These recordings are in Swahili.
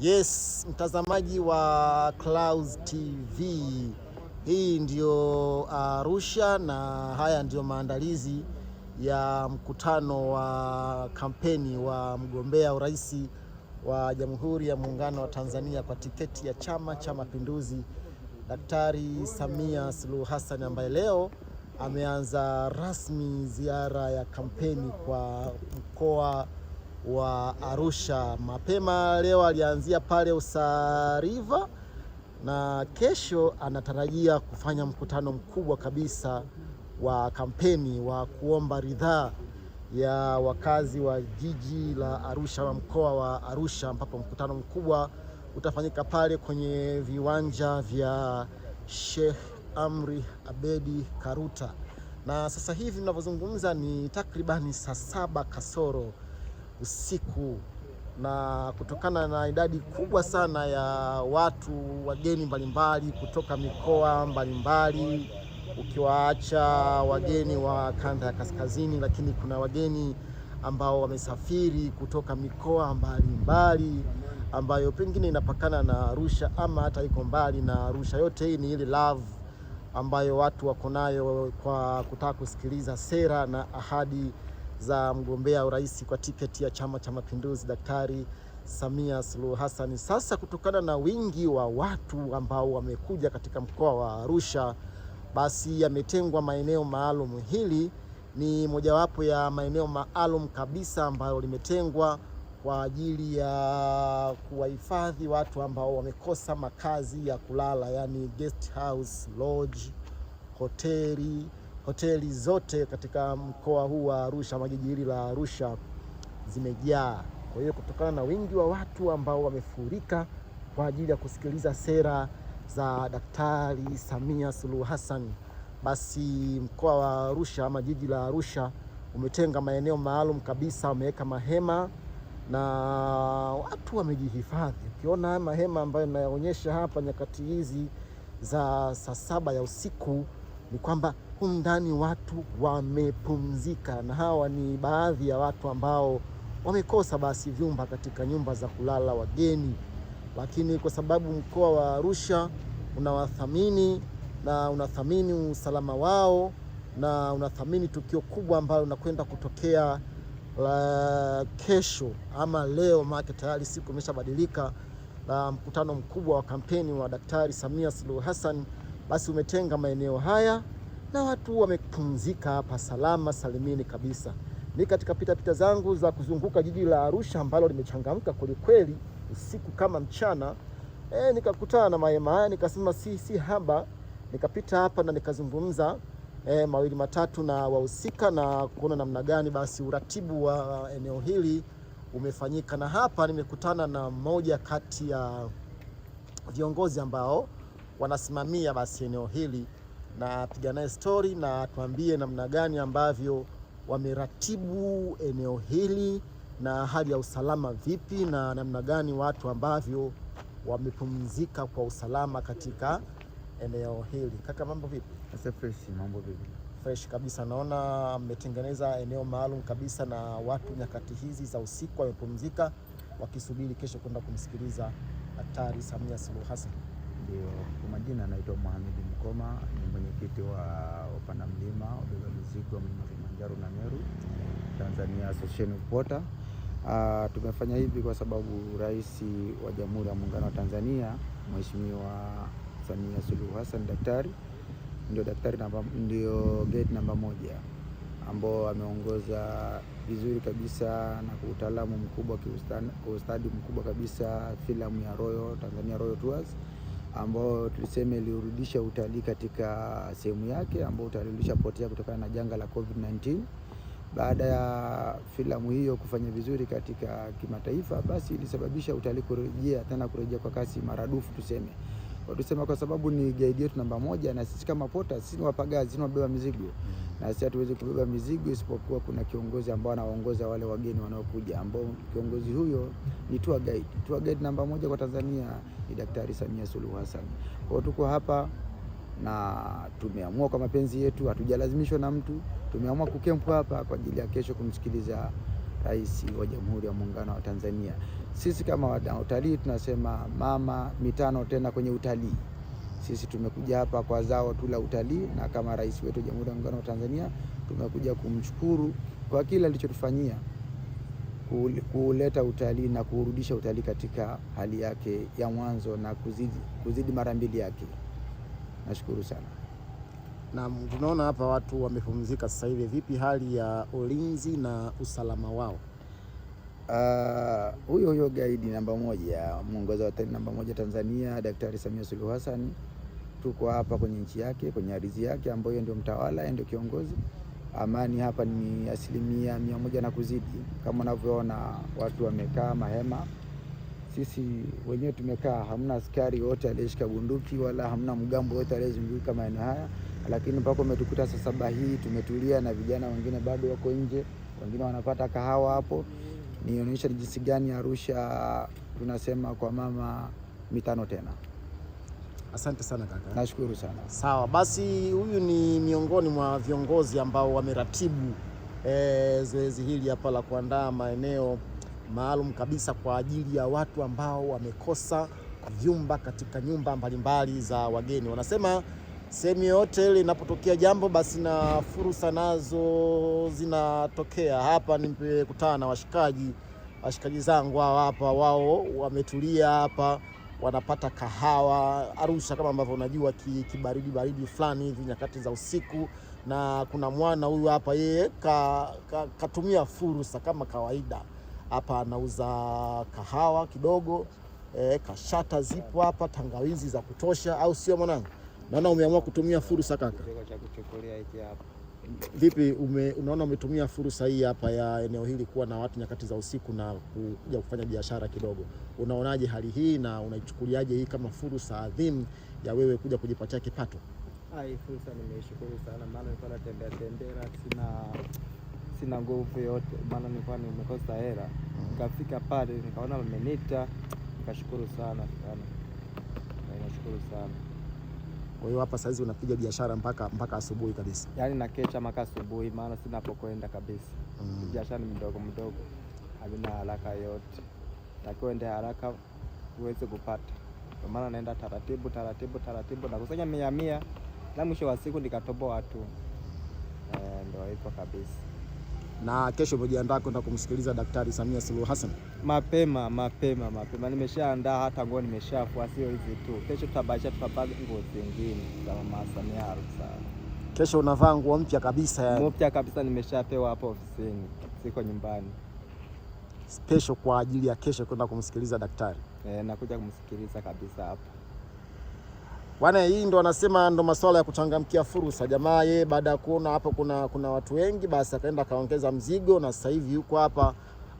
Yes, mtazamaji wa Clouds TV, hii ndiyo Arusha na haya ndiyo maandalizi ya mkutano wa kampeni wa mgombea urais wa Jamhuri ya Muungano wa Tanzania kwa tiketi ya Chama cha Mapinduzi, Daktari Samia Suluhu Hassan ambaye leo ameanza rasmi ziara ya kampeni kwa mkoa wa Arusha. Mapema leo alianzia pale Usariva na kesho anatarajia kufanya mkutano mkubwa kabisa wa kampeni wa kuomba ridhaa ya wakazi wa jiji la Arusha na mkoa wa Arusha, ambapo mkutano mkubwa utafanyika pale kwenye viwanja vya Sheikh Amri Abedi Karuta. Na sasa hivi ninavyozungumza ni takribani saa saba kasoro usiku, na kutokana na idadi kubwa sana ya watu wageni mbalimbali kutoka mikoa mbalimbali, ukiwaacha wageni wa kanda ya kaskazini, lakini kuna wageni ambao wamesafiri kutoka mikoa mbalimbali ambayo pengine inapakana na Arusha ama hata iko mbali na Arusha. Yote hii ni ile love ambayo watu wako nayo kwa kutaka kusikiliza sera na ahadi za mgombea urais kwa tiketi ya Chama cha Mapinduzi Daktari Samia Suluhu Hassan. Sasa kutokana na wingi wa watu ambao wamekuja katika mkoa wa Arusha, basi yametengwa maeneo maalum. Hili ni mojawapo ya maeneo maalum kabisa ambayo limetengwa kwa ajili ya kuwahifadhi watu ambao wamekosa makazi ya kulala, yani guest house, lodge, hoteli hoteli zote katika mkoa huu wa Arusha ama jiji hili la Arusha zimejaa. Kwa hiyo kutokana na wingi wa watu ambao wamefurika kwa ajili ya kusikiliza sera za Daktari Samia Suluhu Hassan, basi mkoa wa Arusha ama jiji la Arusha umetenga maeneo maalum kabisa, wameweka mahema na watu wamejihifadhi. Ukiona mahema ambayo inaonyesha hapa nyakati hizi za saa saba ya usiku ni kwamba huku ndani watu wamepumzika, na hawa ni baadhi ya watu ambao wamekosa basi vyumba katika nyumba za kulala wageni, lakini kwa sababu mkoa wa Arusha unawathamini na unathamini usalama wao na unathamini tukio kubwa ambalo unakwenda kutokea la kesho ama leo, maana tayari siku imeshabadilika, la mkutano mkubwa wa kampeni wa Daktari Samia Suluhu Hassan, basi umetenga maeneo haya na watu wamepumzika hapa salama salimini kabisa. Ni katika pita zangu za kuzunguka jiji la Arusha ambalo limechangamka kwelikweli usiku kama mchana e, nikakutana na mahema haya nikasema si, si haba. Nikapita hapa na nikazungumza e, mawili matatu na wahusika na kuona namna gani basi uratibu wa eneo hili umefanyika, na hapa nimekutana na mmoja kati ya viongozi ambao wanasimamia basi eneo hili na piga naye stori na tuambie namna gani ambavyo wameratibu eneo hili na hali ya usalama vipi, na namna gani watu ambavyo wamepumzika kwa usalama katika eneo hili. Kaka, mambo vipi? Fresh, mambo vipi? Fresh kabisa. Naona mmetengeneza eneo maalum kabisa na watu nyakati hizi za usiku wamepumzika wakisubiri kesho kwenda kumsikiliza Daktari Samia Suluhu Hassan. Ndio, kwa majina anaitwa Mohamed Mkoma, ni mwenyekiti wa upanda mlima wabeba mizigo wa mlima Kilimanjaro na Meru, Tanzania Association of Porter. Uh, ah, tumefanya hivi kwa sababu Rais wa Jamhuri ya Muungano wa Tanzania Mheshimiwa Samia Suluhu Hassan daktari ndio daktari namba, ndio gate namba moja ambao ameongoza vizuri kabisa na kwa utaalamu mkubwa, kwa ustadi mkubwa kabisa filamu ya Royal Tanzania Royal Tours ambayo tuliseme ilirudisha utalii katika sehemu yake, ambao utarudisha potea kutokana na janga la COVID-19. Baada ya filamu hiyo kufanya vizuri katika kimataifa, basi ilisababisha utalii kurejea tena, kurejea kwa kasi maradufu tuseme tuseme, kwa sababu ni guide yetu namba moja, na sisi kama pota, sisi ni wapagazi, ni wabeba mizigo na sisi hatuwezi kubeba mizigo isipokuwa kuna kiongozi ambao anawaongoza wale wageni wanaokuja, ambao kiongozi huyo ni tour guide. Tour guide namba moja kwa Tanzania ni Daktari Samia Suluhu Hassan. Kwa tuko hapa na tumeamua kwa mapenzi yetu, hatujalazimishwa na mtu. Tumeamua kukempu hapa kwa ajili ya kesho kumsikiliza Rais wa Jamhuri ya Muungano wa Tanzania. Sisi kama wadau utalii tunasema mama mitano tena kwenye utalii. Sisi tumekuja hapa kwa zao tu la utalii, na kama rais wetu wa Jamhuri ya Muungano wa Tanzania tumekuja kumshukuru kwa kila alichotufanyia kuleta utalii na kurudisha utalii katika hali yake ya mwanzo na kuzidi, kuzidi mara mbili yake. Nashukuru sana. Na tunaona hapa watu wamepumzika sasa hivi, vipi hali ya ulinzi na usalama wao? Uh, huyo huyo gaidi namba moja, mwongoza wa namba moja Tanzania, Daktari Samia Suluhu Hassan tuko hapa kwenye nchi yake, kwenye ardhi yake ambayo ndio mtawala, ndio kiongozi. Amani hapa ni asilimia mia moja na kuzidi, kama unavyoona watu wamekaa mahema. Sisi wenyewe tumekaa, hamna askari wote aliyeshika bunduki wala hamna mgambo wote aliyezunguka maeneo haya, lakini mpaka umetukuta saa saba hii tumetulia, na vijana wengine bado wako nje, wengine wanapata kahawa hapo. Nionyesha jinsi gani Arusha tunasema kwa mama mitano tena. Asante sana kaka. Nashukuru sana. Sawa, basi huyu ni miongoni mwa viongozi ambao wameratibu e, zoezi hili hapa la kuandaa maeneo maalum kabisa kwa ajili ya watu ambao wamekosa vyumba katika nyumba mbalimbali za wageni. Wanasema sehemu yoyote ile inapotokea jambo basi na fursa nazo zinatokea. Hapa nimekutana na washikaji washikaji zangu hapa, wao wametulia hapa wanapata kahawa Arusha, kama ambavyo unajua kibaridi ki baridi fulani hivi nyakati za usiku. Na kuna mwana huyu hapa yeye ka, ka, katumia fursa kama kawaida, hapa anauza kahawa kidogo e, kashata zipo hapa, tangawizi za kutosha, au sio mwanangu? Naona umeamua kutumia fursa kaka vipi ume, unaona umetumia fursa hii hapa ya eneo hili kuwa na watu nyakati za usiku na kuja kufanya biashara kidogo, unaonaje hali hii na unaichukuliaje hii kama fursa adhimu ya wewe kuja kujipatia kipato? Hii fursa nimeishukuru sana, maana nilikuwa natembea tembea, sina sina nguvu yote, maana nilikuwa nimekosa hela, mm. nikafika pale nikaona wamenita, nikashukuru sana sana, nashukuru sana kwa hiyo hapa saizi unapiga biashara mpaka mpaka asubuhi kabisa, yaani na mpaka asubuhi, maana sinapokwenda kabisa mm. biashara ni mdogo mdogo, havina haraka yote, takiwa uende haraka uweze kupata. Kwa maana naenda taratibu taratibu taratibu, nakusanya mia mia, na mwisho wa siku nikatoboa watu. E, eh, ndio hivyo kabisa na kesho umejiandaa kwenda kumsikiliza Daktari Samia Suluhu Hassan? Mapema mapema mapema, nimeshaandaa hata nguo nimeshafua, sio hizi tu. Kesho tutabadilisha, tutapaa nguo zingine za Mama Samia Kesho unavaa nguo mpya kabisa yani? Mpya kabisa, nimeshapewa hapo ofisini, siko nyumbani. Special kwa ajili ya kesho kwenda kumsikiliza daktari. E, nakuja kumsikiliza kabisa hapo. Bwana, hii ndo anasema ndo masuala ya kuchangamkia fursa. Jamaa yeye baada ya kuona hapo kuna, kuna watu wengi, basi akaenda akaongeza mzigo, na sasa hivi yuko hapa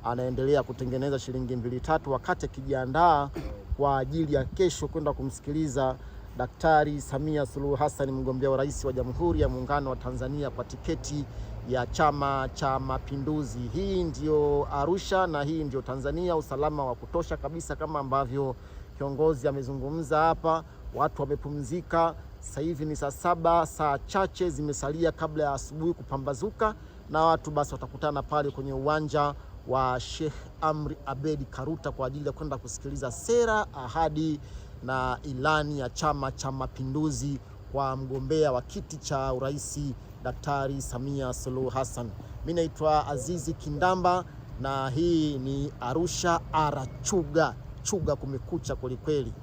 anaendelea kutengeneza shilingi mbili tatu, wakati akijiandaa kwa ajili ya kesho kwenda kumsikiliza Daktari Samia Suluhu Hassan, mgombea wa rais wa Jamhuri ya Muungano wa Tanzania kwa tiketi ya Chama cha Mapinduzi. Hii ndiyo Arusha na hii ndio Tanzania, usalama wa kutosha kabisa, kama ambavyo kiongozi amezungumza hapa watu wamepumzika. Sasa hivi ni saa saba, saa chache zimesalia kabla ya asubuhi kupambazuka, na watu basi watakutana pale kwenye uwanja wa Sheikh Amri Abedi Karuta kwa ajili ya kwenda kusikiliza sera, ahadi na ilani ya Chama cha Mapinduzi kwa mgombea wa kiti cha urais Daktari Samia Suluhu Hassan. Mimi naitwa Azizi Kindamba na hii ni Arusha Arachuga Chuga, kumekucha kwelikweli.